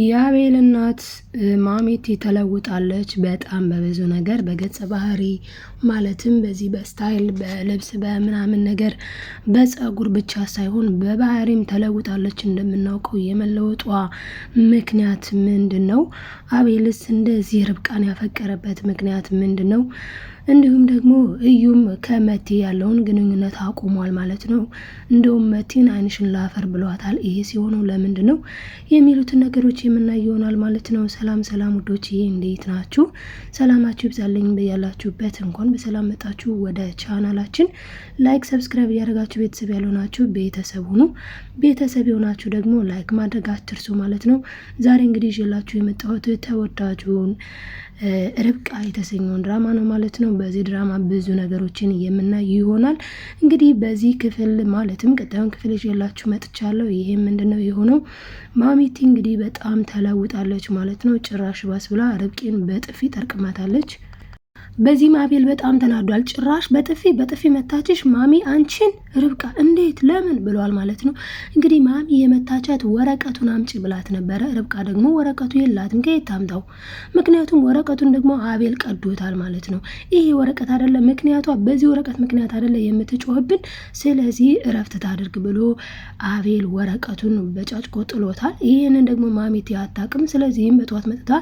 የአቤል እናት ማሜት ተለውጣለች በጣም በብዙ ነገር በገጸ ባህሪ ማለትም በዚህ በስታይል በልብስ በምናምን ነገር በፀጉር ብቻ ሳይሆን በባህሪም ተለውጣለች። እንደምናውቀው የመለወጧ ምክንያት ምንድን ነው? አቤልስ እንደዚህ ርብቃን ያፈቀረበት ምክንያት ምንድን ነው? እንዲሁም ደግሞ እዩም ከመቲ ያለውን ግንኙነት አቁሟል ማለት ነው። እንደውም መቲን አይንሽን ላፈር ብሏታል። ይሄ ሲሆነው ለምንድን ነው የሚሉትን ነገሮች የምናይ ይሆናል ማለት ነው። ሰላም ሰላም ውዶች፣ ይሄ እንዴት ናችሁ? ሰላማችሁ ይብዛልኝ በያላችሁበት። እንኳን በሰላም መጣችሁ ወደ ቻናላችን። ላይክ፣ ሰብስክራይብ እያደረጋችሁ ቤተሰብ ያልሆናችሁ ቤተሰብ ሁኑ። ቤተሰብ የሆናችሁ ደግሞ ላይክ ማድረግ አትርሱ ማለት ነው። ዛሬ እንግዲህ ይዤላችሁ የመጣሁት ተወዳጁን ርብቃ የተሰኘውን ድራማ ነው ማለት ነው። በዚህ ድራማ ብዙ ነገሮችን የምናይ ይሆናል። እንግዲህ በዚህ ክፍል ማለትም ቀጣዩን ክፍል ይዤላችሁ መጥቻለሁ። ይሄ ምንድን ነው የሆነው? ማሚቲ እንግዲህ በጣም ተለውጣለች ማለት ነው። ጭራሽ ባስ ብላ ርብቄን በጥፊ ጠርቅማታለች። በዚህ ማቤል በጣም ተናዷል። ጭራሽ በጥፊ በጥፊ መታችሽ ማሚ አንቺን ርብቃ እንዴት ለምን ብለዋል ማለት ነው። እንግዲህ ማሚ የመታቻት ወረቀቱን አምጪ ብላት ነበረ። ርብቃ ደግሞ ወረቀቱ የላትም ከየት ታምጣው? ምክንያቱም ወረቀቱን ደግሞ አቤል ቀዶታል ማለት ነው። ይሄ ወረቀት አደለ ምክንያቷ፣ በዚህ ወረቀት ምክንያት አደለ የምትጮህብን፣ ስለዚህ እረፍት ታድርግ ብሎ አቤል ወረቀቱን በጫጭቆ ጥሎታል። ይህንን ደግሞ ማሚት አታውቅም። ስለዚህም በጠዋት መጥታ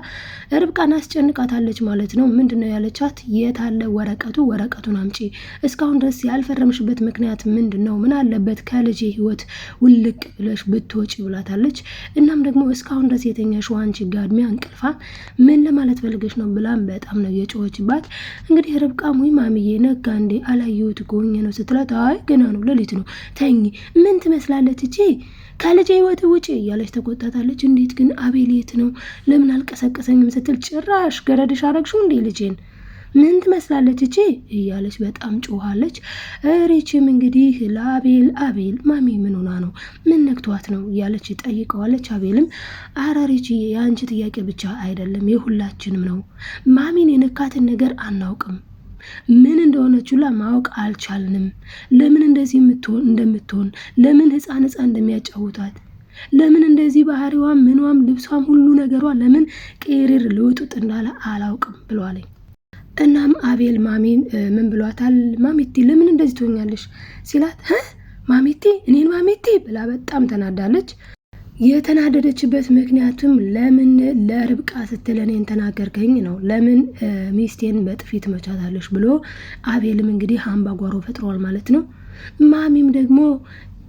ርብቃን አስጨንቃታለች ማለት ነው። ምንድነው ያለቻት ሲጠይቃት የት አለ ወረቀቱ? ወረቀቱን አምጪ። እስካሁን ድረስ ያልፈረምሽበት ምክንያት ምንድን ነው? ምን አለበት ከልጄ ህይወት ውልቅ ብለሽ ብትወጪ ብላታለች። እናም ደግሞ እስካሁን ድረስ የተኛሽው አንቺ ጋድሜ አንቅልፋ ምን ለማለት ፈልገሽ ነው ብላም በጣም ነው የጮኸችባት። እንግዲህ ርብቃ ሙይ ማምዬ ነጋ እንዴ አላየሁት ጎኝ ነው ስትላት፣ አይ ገና ነው ሌሊት ነው ተኝ ምን ትመስላለች እቺ ከልጅ ህይወት ውጪ እያለች ተቆጣታለች። እንዴት ግን አቤል የት ነው ለምን አልቀሰቀሰኝም ስትል ጭራሽ ገረድሽ አረግሽው እንዴ ልጄን ምን ትመስላለች እቺ እያለች በጣም ጮኋለች። ሪችም እንግዲህ ለአቤል አቤል ማሚ ምን ሆና ነው ምን ነክቷት ነው እያለች ጠይቀዋለች። አቤልም አረ ሪች የአንቺ ጥያቄ ብቻ አይደለም የሁላችንም ነው። ማሚን የነካትን ነገር አናውቅም ምን እንደሆነችላ ማወቅ አልቻልንም። ለምን እንደዚህ የምትሆን እንደምትሆን ለምን ህፃን ህፃን እንደሚያጫውቷት ለምን እንደዚህ ባህሪዋም ምኗም ልብሷም ሁሉ ነገሯ ለምን ቅሪር ልውጡጥ እንዳለ አላውቅም ብሏለኝ። እናም አቤል ማሚን ምን ብሏታል? ማሚቲ ለምን እንደዚህ ትሆኛለሽ ሲላት ማሚቲ እኔን ማሚቲ ብላ በጣም ተናዳለች። የተናደደችበት ምክንያቱም ለምን ለርብቃ ስትል እኔን ተናገርከኝ ነው። ለምን ሚስቴን በጥፊ ትመቻታለች ብሎ አቤልም እንግዲህ አምባጓሮ ፈጥሯል ማለት ነው። ማሚም ደግሞ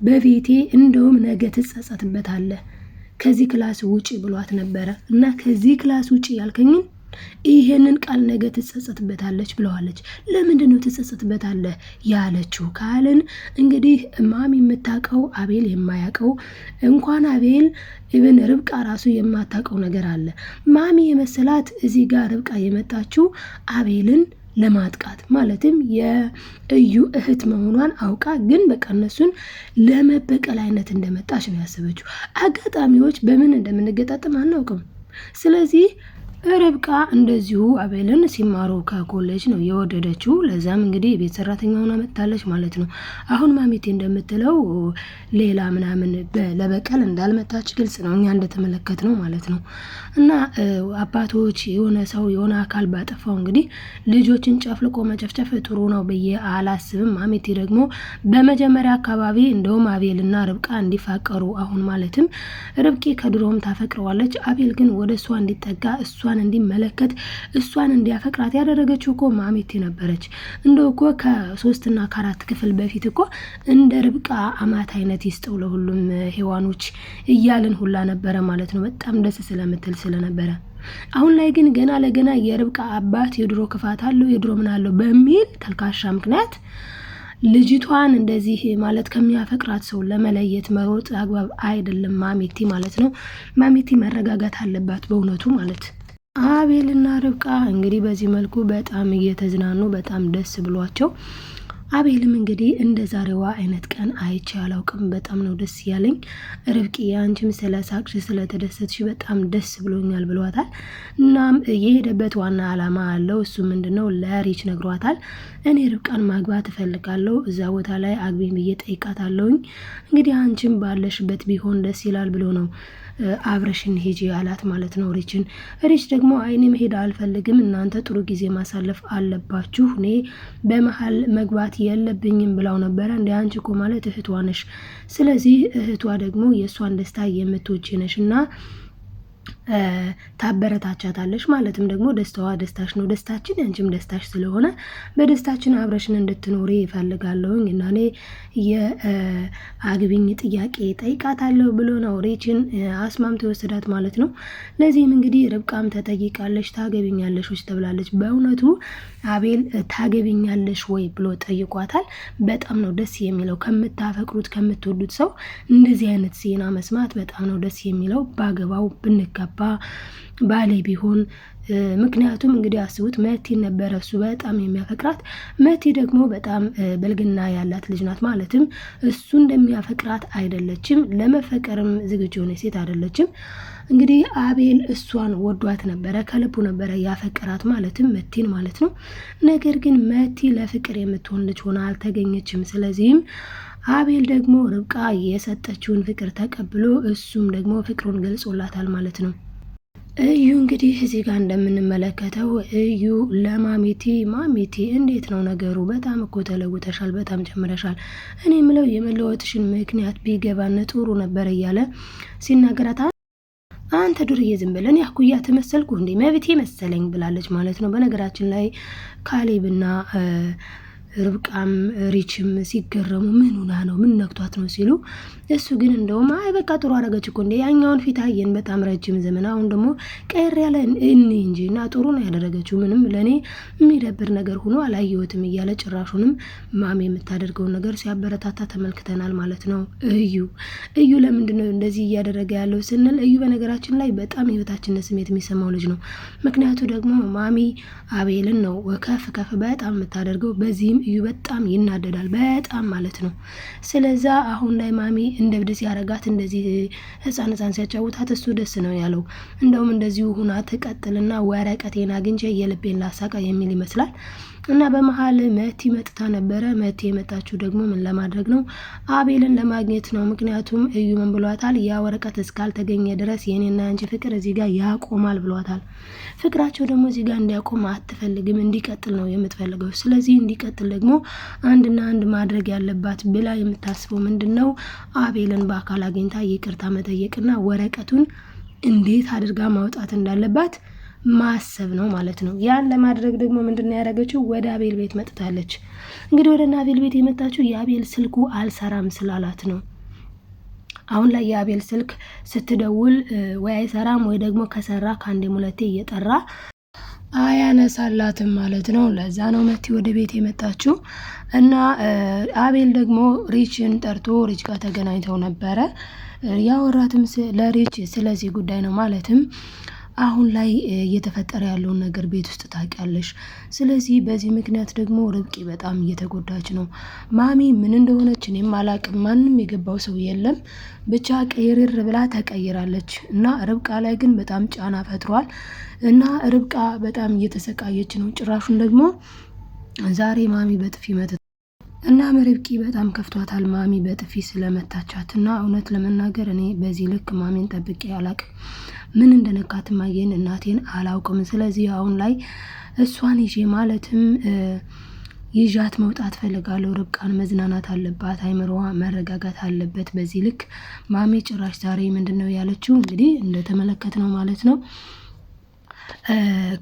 በቤቴ እንደውም ነገ ትጸጸትበታለህ ከዚህ ክላስ ውጪ ብሏት ነበረ እና ከዚህ ክላስ ውጪ ያልከኝን ይህንን ቃል ነገ ትጸጸትበታለች ብለዋለች። ለምንድን ነው ትጸጸትበታለህ ያለችው ካልን እንግዲህ እማም የምታውቀው አቤል የማያውቀው እንኳን አቤል ኢብን ርብቃ ራሱ የማታውቀው ነገር አለ። ማሚ የመሰላት እዚህ ጋር ርብቃ የመጣችው አቤልን ለማጥቃት ማለትም የእዩ እህት መሆኗን አውቃ ግን በቃ እነሱን ለመበቀል አይነት እንደመጣች ነው ያሰበችው። አጋጣሚዎች በምን እንደምንገጣጥም አናውቅም። ስለዚህ ርብቃ እንደዚሁ አቤልን ሲማሩ ከኮሌጅ ነው የወደደችው። ለዛም እንግዲህ የቤት ሰራተኛውን ሆና ማለት ነው። አሁን ማሚቴ እንደምትለው ሌላ ምናምን ለበቀል እንዳልመጣች ግልጽ ነው፣ እኛ እንደተመለከት ነው ማለት ነው። እና አባቶች የሆነ ሰው የሆነ አካል ባጠፋው እንግዲህ ልጆችን ጨፍልቆ መጨፍጨፍ ጥሩ ነው ብዬ አላስብም። ማሚቴ ደግሞ በመጀመሪያ አካባቢ እንደውም አቤልና ርብቃ እንዲፋቀሩ አሁን ማለትም ርብቄ ከድሮም ታፈቅረዋለች፣ አቤል ግን ወደ እሷ እንዲጠጋ እሷን እሷን እንዲመለከት እሷን እንዲያፈቅራት ያደረገችው እኮ ማሜቴ ነበረች። እንደው እኮ ከሶስትና ከአራት ክፍል በፊት እኮ እንደ ርብቃ አማት አይነት ይስጠው ለሁሉም ሔዋኖች እያልን ሁላ ነበረ ማለት ነው። በጣም ደስ ስለምትል ስለነበረ አሁን ላይ ግን ገና ለገና የርብቃ አባት የድሮ ክፋት አለው የድሮ ምን አለው በሚል ተልካሻ ምክንያት ልጅቷን እንደዚህ ማለት ከሚያፈቅራት ሰው ለመለየት መሮጥ አግባብ አይደለም። ማሜቲ ማለት ነው። ማሜቲ መረጋጋት አለባት በእውነቱ ማለት አቤልና ርብቃ እንግዲህ በዚህ መልኩ በጣም እየተዝናኑ በጣም ደስ ብሏቸው አቤልም እንግዲህ እንደ ዛሬዋ አይነት ቀን አይቼ አላውቅም። በጣም ነው ደስ ያለኝ ርብቅዬ፣ አንቺም ስለ ሳቅሽ ስለተደሰትሽ በጣም ደስ ብሎኛል ብሏታል። እናም የሄደበት ዋና ዓላማ አለው። እሱ ምንድን ነው ለሪች ነግሯታል። እኔ ርብቃን ማግባት እፈልጋለሁ፣ እዛ ቦታ ላይ አግቢኝ ብዬ ጠይቃታለሁኝ። እንግዲህ አንቺም ባለሽበት ቢሆን ደስ ይላል ብሎ ነው አብረሽን ሂጂ አላት ማለት ነው ሪችን። ሪች ደግሞ አይኔ መሄድ አልፈልግም፣ እናንተ ጥሩ ጊዜ ማሳለፍ አለባችሁ፣ እኔ በመሀል መግባት የለብኝም ብላው ነበረ። እንደ አንቺ እኮ ማለት እህቷ ነሽ፣ ስለዚህ እህቷ ደግሞ የእሷን ደስታ የምትወጪ ነሽ እና ታበረታቻታለች። ማለትም ደግሞ ደስታዋ ደስታሽ ነው፣ ደስታችን ያንቺም ደስታሽ ስለሆነ በደስታችን አብረሽን እንድትኖሪ ይፈልጋለሁኝ እና እኔ የአግቢኝ ጥያቄ ጠይቃታለሁ ብሎ ነው ሬችን አስማምቶ የወሰዳት ማለት ነው። ለዚህም እንግዲህ ርብቃም ተጠይቃለች። ታገቢኛለሽ ወይ ተብላለች። በእውነቱ አቤል ታገቢኛለሽ ወይ ብሎ ጠይቋታል። በጣም ነው ደስ የሚለው ከምታፈቅሩት ከምትወዱት ሰው እንደዚህ አይነት ዜና መስማት በጣም ነው ደስ የሚለው። ባገባው ብንጋባ አባ ባሌ ቢሆን ምክንያቱም እንግዲህ አስቡት መቲን ነበረ እሱ በጣም የሚያፈቅራት። መቲ ደግሞ በጣም በልግና ያላት ልጅ ናት። ማለትም እሱ እንደሚያፈቅራት አይደለችም፣ ለመፈቀርም ዝግጁ የሆነ ሴት አይደለችም። እንግዲህ አቤል እሷን ወዷት ነበረ፣ ከልቡ ነበረ ያፈቅራት፣ ማለትም መቲን ማለት ነው። ነገር ግን መቲ ለፍቅር የምትሆን ልጅ ሆና አልተገኘችም። ስለዚህም አቤል ደግሞ ርብቃ የሰጠችውን ፍቅር ተቀብሎ እሱም ደግሞ ፍቅሩን ገልጾላታል ማለት ነው። እዩ እንግዲህ እዚህ ጋር እንደምንመለከተው እዩ ለማሚቲ ማሚቲ እንዴት ነው ነገሩ? በጣም እኮ ተለውተሻል፣ በጣም ጨምረሻል። እኔ ምለው የመለወጥሽን ምክንያት ቢገባን ጥሩ ነበር እያለ ሲናገራታል። አንተ ዱርዬ ዝም ብለን ያኩያ ተመሰልኩ እንዴ መብቴ መሰለኝ ብላለች ማለት ነው። በነገራችን ላይ ካሌብና ርብቃም ሪችም ሲገረሙ ምን ሆና ነው ምን ነግቷት ነው ሲሉ፣ እሱ ግን እንደውም አይ በቃ ጥሩ አደረገች እኮ እንዴ ያኛውን ፊት አየን በጣም ረጅም ዘመን፣ አሁን ደግሞ ቀር ያለ እኒ እንጂ እና ጥሩ ነው ያደረገችው፣ ምንም ለእኔ የሚደብር ነገር ሆኖ አላየሁትም እያለ ጭራሹንም ማሚ የምታደርገውን ነገር ሲያበረታታ ተመልክተናል ማለት ነው። እዩ እዩ ለምንድን ነው እንደዚህ እያደረገ ያለው ስንል፣ እዩ በነገራችን ላይ በጣም ህይወታችንን ስሜት የሚሰማው ልጅ ነው። ምክንያቱ ደግሞ ማሚ አቤልን ነው ከፍ ከፍ በጣም የምታደርገው በዚህም እዩ በጣም ይናደዳል፣ በጣም ማለት ነው። ስለዛ አሁን ላይ ማሚ እንደ ብድ ያረጋት እንደዚህ ህፃን ህፃን ሲያጫውታት እሱ ደስ ነው ያለው። እንደውም እንደዚሁ ሁና ትቀጥልና ወረቀቴን አግኝቼ የልቤን ላሳቃ የሚል ይመስላል። እና በመሀል መቲ መጥታ ነበረ። መቲ የመጣችው ደግሞ ምን ለማድረግ ነው? አቤልን ለማግኘት ነው። ምክንያቱም እዩ ምን ብሏታል? ያ ወረቀት እስካልተገኘ ድረስ የኔና አንቺ ፍቅር እዚህ ጋር ያቆማል ብሏታል። ፍቅራቸው ደግሞ እዚህ ጋር እንዲያቆም አትፈልግም፣ እንዲቀጥል ነው የምትፈልገው። ስለዚህ እንዲቀጥል ደግሞ አንድና አንድ ማድረግ ያለባት ብላ የምታስበው ምንድን ነው? አቤልን በአካል አግኝታ ይቅርታ መጠየቅና ወረቀቱን እንዴት አድርጋ ማውጣት እንዳለባት ማሰብ ነው ማለት ነው። ያን ለማድረግ ደግሞ ምንድን ነው ያደረገችው? ወደ አቤል ቤት መጥታለች። እንግዲህ ወደ አቤል ቤት የመጣችው የአቤል ስልኩ አልሰራም ስላላት ነው። አሁን ላይ የአቤል ስልክ ስትደውል ወይ አይሰራም ወይ ደግሞ ከሰራ ከአንዴም ሁለቴ እየጠራ አያነሳላትም ማለት ነው። ለዛ ነው መቲ ወደ ቤት የመጣችው እና አቤል ደግሞ ሪችን ጠርቶ ሪች ጋር ተገናኝተው ነበረ። ያወራትም ለሪች ስለዚህ ጉዳይ ነው ማለትም አሁን ላይ እየተፈጠረ ያለውን ነገር ቤት ውስጥ ታውቂያለሽ። ስለዚህ በዚህ ምክንያት ደግሞ ርብቂ በጣም እየተጎዳች ነው። ማሚ ምን እንደሆነች እኔም አላቅም። ማንም የገባው ሰው የለም። ብቻ ቀይርር ብላ ተቀይራለች እና ርብቃ ላይ ግን በጣም ጫና ፈጥሯል እና ርብቃ በጣም እየተሰቃየች ነው። ጭራሹን ደግሞ ዛሬ ማሚ በጥፊ መት እናም ርብቃ በጣም ከፍቷታል ማሚ በጥፊ ስለመታቻት እና እውነት ለመናገር እኔ በዚህ ልክ ማሚን ጠብቄ አላቅም። ምን እንደነካት ማየን እናቴን አላውቅም። ስለዚህ አሁን ላይ እሷን ይዤ ማለትም ይዣት መውጣት ፈልጋለሁ። ርብቃን መዝናናት አለባት፣ አይምሮዋ መረጋጋት አለበት። በዚህ ልክ ማሜ ጭራሽ ዛሬ ምንድን ነው ያለችው? እንግዲህ እንደተመለከት ነው ማለት ነው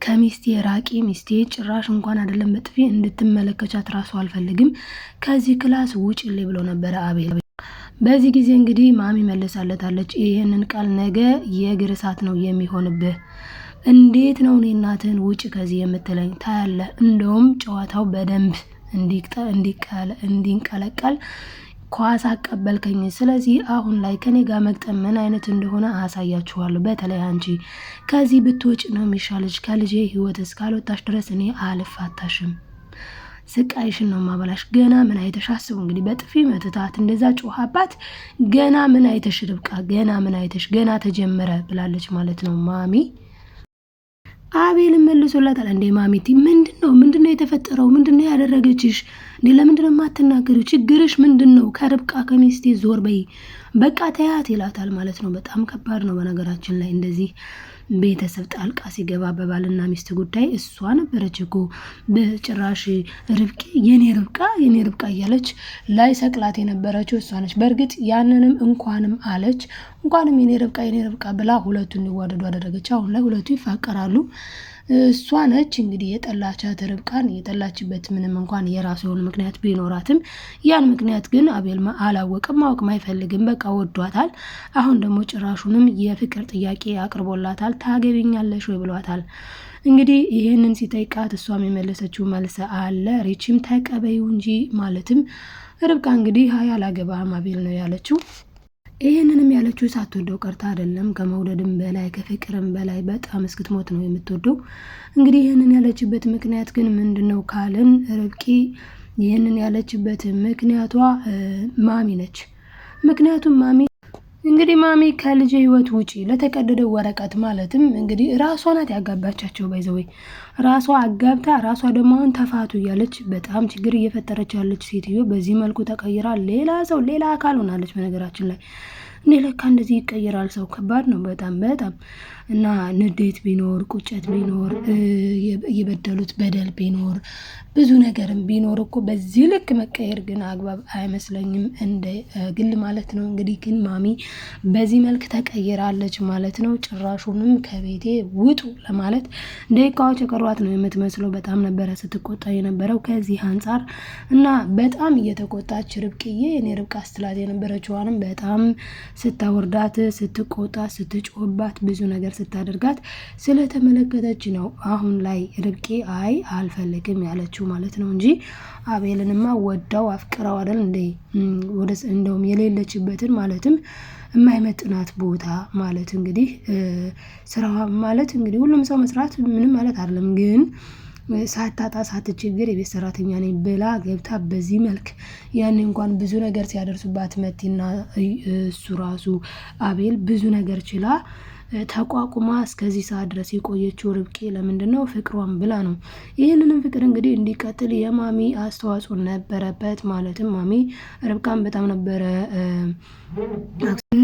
ከሚስቴ ራቂ፣ ሚስቴ ጭራሽ እንኳን አይደለም በጥፊ እንድትመለከቻት ራሱ አልፈልግም፣ ከዚህ ክላስ ውጭ ላይ ብሎ ነበረ አቤል። በዚህ ጊዜ እንግዲህ ማሚ መለሳለታለች፣ ይህንን ቃል ነገ የእግር እሳት ነው የሚሆንብህ እንዴት ነው እኔ እናትህን ውጭ ከዚህ የምትለኝ? ታያለህ። እንደውም ጨዋታው በደንብ እንዲንቀለቀል ኳስ አቀበልከኝ። ስለዚህ አሁን ላይ ከኔ ጋር መግጠም ምን አይነት እንደሆነ አሳያችኋለሁ። በተለይ አንቺ ከዚህ ብትወጭ ነው የሚሻለች። ከልጄ ህይወት እስካልወጣሽ ድረስ እኔ አልፋታሽም። ስቃይሽን ነው ማበላሽ። ገና ምን አይተሽ አስቡ እንግዲህ በጥፊ መትታት እንደዛ ጮኻባት። ገና ምን አይተሽ ርብቃ፣ ገና ምን አይተሽ፣ ገና ተጀመረ ብላለች ማለት ነው ማሚ። አቤል መልሶላታል። እንዴ ማሚቲ ምንድን ነው ምንድነው የተፈጠረው? ምንድነው ያደረገችሽ? እንዴ ለምንድነው የማትናገሪው? ችግርሽ ምንድን ነው? ከርብቃ ከሚስቴ ዞር በይ፣ በቃ ተያት ይላታል ማለት ነው። በጣም ከባድ ነው። በነገራችን ላይ እንደዚህ ቤተሰብ ጣልቃ ሲገባ በባልና ሚስት ጉዳይ እሷ ነበረች እኮ በጭራሽ ርብቃ የኔ ርብቃ የኔ ርብቃ እያለች ላይ ሰቅላት የነበረችው እሷ ነች። በእርግጥ ያንንም እንኳንም አለች እንኳንም የኔ ርብቃ የኔ ርብቃ ብላ ሁለቱ እንዲዋደዱ አደረገች። አሁን ላይ ሁለቱ ይፋቀራሉ። እሷ ነች እንግዲህ የጠላቻት ርብቃን የጠላችበት ምንም እንኳን የራሱ የሆነ ምክንያት ቢኖራትም ያን ምክንያት ግን አቤል አላወቅም ማወቅም አይፈልግም። በቃ ወዷታል። አሁን ደግሞ ጭራሹንም የፍቅር ጥያቄ አቅርቦላታል። ታገቢኛለሽ ወይ ብሏታል። እንግዲህ ይህንን ሲጠይቃት እሷም የመለሰችው መልስ አለ። ሬችም ተቀበዩ እንጂ ማለትም ርብቃ እንግዲህ አያላገባህም አቤል ነው ያለችው። ይህንንም ያለችው ሳትወደው ቀርታ አይደለም። ከመውደድም በላይ ከፍቅርም በላይ በጣም እስክትሞት ነው የምትወደው። እንግዲህ ይህንን ያለችበት ምክንያት ግን ምንድን ነው ካልን ርብቂ ይህንን ያለችበት ምክንያቷ ማሚ ነች። ምክንያቱም ማሚ እንግዲህ ማሚ ከልጄ ህይወት ውጪ ለተቀደደው ወረቀት ማለትም እንግዲህ ራሷ ናት ያጋባቻቸው። ባይዘወይ ራሷ አጋብታ ራሷ ደግሞ አሁን ተፋቱ እያለች በጣም ችግር እየፈጠረች ያለች ሴትዮ በዚህ መልኩ ተቀይራ ሌላ ሰው ሌላ አካል ሆናለች። በነገራችን ላይ እኔ ለካ እንደዚህ ይቀይራል ሰው። ከባድ ነው በጣም በጣም እና ንዴት ቢኖር ቁጭት ቢኖር የበደሉት በደል ቢኖር ብዙ ነገርም ቢኖር እኮ በዚህ ልክ መቀየር ግን አግባብ አይመስለኝም፣ እንደ ግል ማለት ነው። እንግዲህ ግን ማሚ በዚህ መልክ ተቀይራለች ማለት ነው። ጭራሹንም ከቤቴ ውጡ ለማለት ደቂቃዎች የቀሯት ነው የምትመስለው። በጣም ነበረ ስትቆጣ የነበረው ከዚህ አንጻር እና በጣም እየተቆጣች ርብቅዬ እኔ ርብቃ ስትላት የነበረችዋንም በጣም ስታወርዳት፣ ስትቆጣ፣ ስትጮህባት ብዙ ነገር ስታደርጋት ስለተመለከተች ነው አሁን ላይ ርብቄ አይ አልፈልግም ያለችው ማለት ነው እንጂ አቤልንማ ወዳው አፍቅረው አይደል እንዴ እንደውም የሌለችበትን ማለትም የማይመጥናት ቦታ ማለት እንግዲህ ስራ ማለት እንግዲህ ሁሉም ሰው መስራት ምንም ማለት አይደለም ግን ሳታጣ ሳትችግር የቤት ሰራተኛ ነኝ ብላ ገብታ በዚህ መልክ ያን እንኳን ብዙ ነገር ሲያደርሱባት መቲና እሱ ራሱ አቤል ብዙ ነገር ችላ ተቋቁማ እስከዚህ ሰዓት ድረስ የቆየችው ርብቄ ለምንድን ነው? ፍቅሯን ብላ ነው። ይህንንም ፍቅር እንግዲህ እንዲቀጥል የማሚ አስተዋጽኦ ነበረበት። ማለትም ማሚ ርብቃን በጣም ነበረ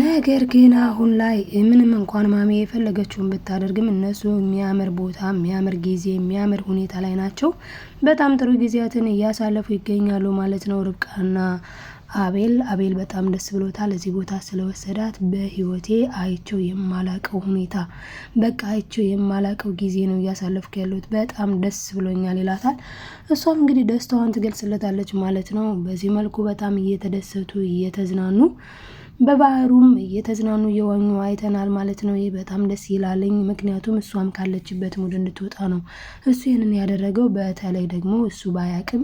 ነገር ግን አሁን ላይ ምንም እንኳን ማሚ የፈለገችውን ብታደርግም እነሱ የሚያምር ቦታ፣ የሚያምር ጊዜ፣ የሚያምር ሁኔታ ላይ ናቸው። በጣም ጥሩ ጊዜያትን እያሳለፉ ይገኛሉ ማለት ነው ርብቃና አቤል አቤል በጣም ደስ ብሎታል እዚህ ቦታ ስለወሰዳት። በህይወቴ አይቼው የማላቀው ሁኔታ በቃ አይቼው የማላቀው ጊዜ ነው እያሳለፍኩ ያለሁት በጣም ደስ ብሎኛል ይላታል። እሷም እንግዲህ ደስታዋን ትገልጽለታለች ማለት ነው። በዚህ መልኩ በጣም እየተደሰቱ እየተዝናኑ በባህሩም እየተዝናኑ እየዋኙ አይተናል ማለት ነው። ይህ በጣም ደስ ይላለኝ፣ ምክንያቱም እሷም ካለችበት ሙድ እንድትወጣ ነው እሱ ይህንን ያደረገው። በተለይ ደግሞ እሱ ባያቅም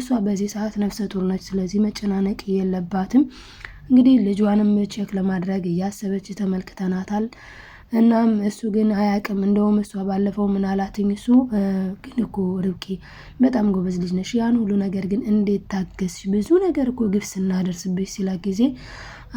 እሷ በዚህ ሰዓት ነፍሰ ጡር ነች፣ ስለዚህ መጨናነቅ የለባትም። እንግዲህ ልጇንም ቼክ ለማድረግ እያሰበች ተመልክተናታል። እናም እሱ ግን አያቅም። እንደውም እሷ ባለፈው ምን አላትኝ እሱ ግን እኮ ርብቄ በጣም ጎበዝ ልጅ ነሽ፣ ያን ሁሉ ነገር ግን እንዴት ታገስሽ? ብዙ ነገር እኮ ግፍ ስናደርስብሽ ሲላ ጊዜ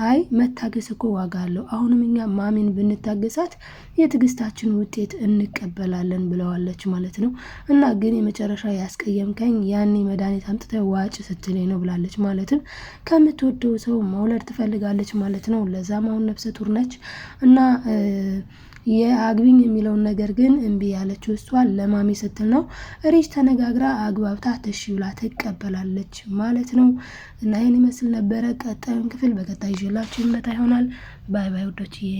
አይ መታገስ እኮ ዋጋ አለው፣ አሁንም እኛ ማሚን ብንታገሳት የትግስታችን ውጤት እንቀበላለን ብለዋለች ማለት ነው። እና ግን የመጨረሻ ያስቀየምከኝ ያኔ መድኃኒት አምጥተ ዋጭ ስትለኝ ነው ብላለች። ማለትም ከምትወደው ሰው መውለድ ትፈልጋለች ማለት ነው። ለዛም አሁን ነፍሰ ጡር ነች እና የአግቢኝ የሚለውን ነገር ግን እምቢ ያለችው እሷ ለማሚ ስትል ነው። ሪች ተነጋግራ አግባብታ እሺ ብላ ትቀበላለች ማለት ነው። እና ይህን ይመስል ነበረ። ቀጣዩን ክፍል በቀጣይ ይዤላችሁ ይመጣ ይሆናል። ባይ ባይ ውዶችዬ።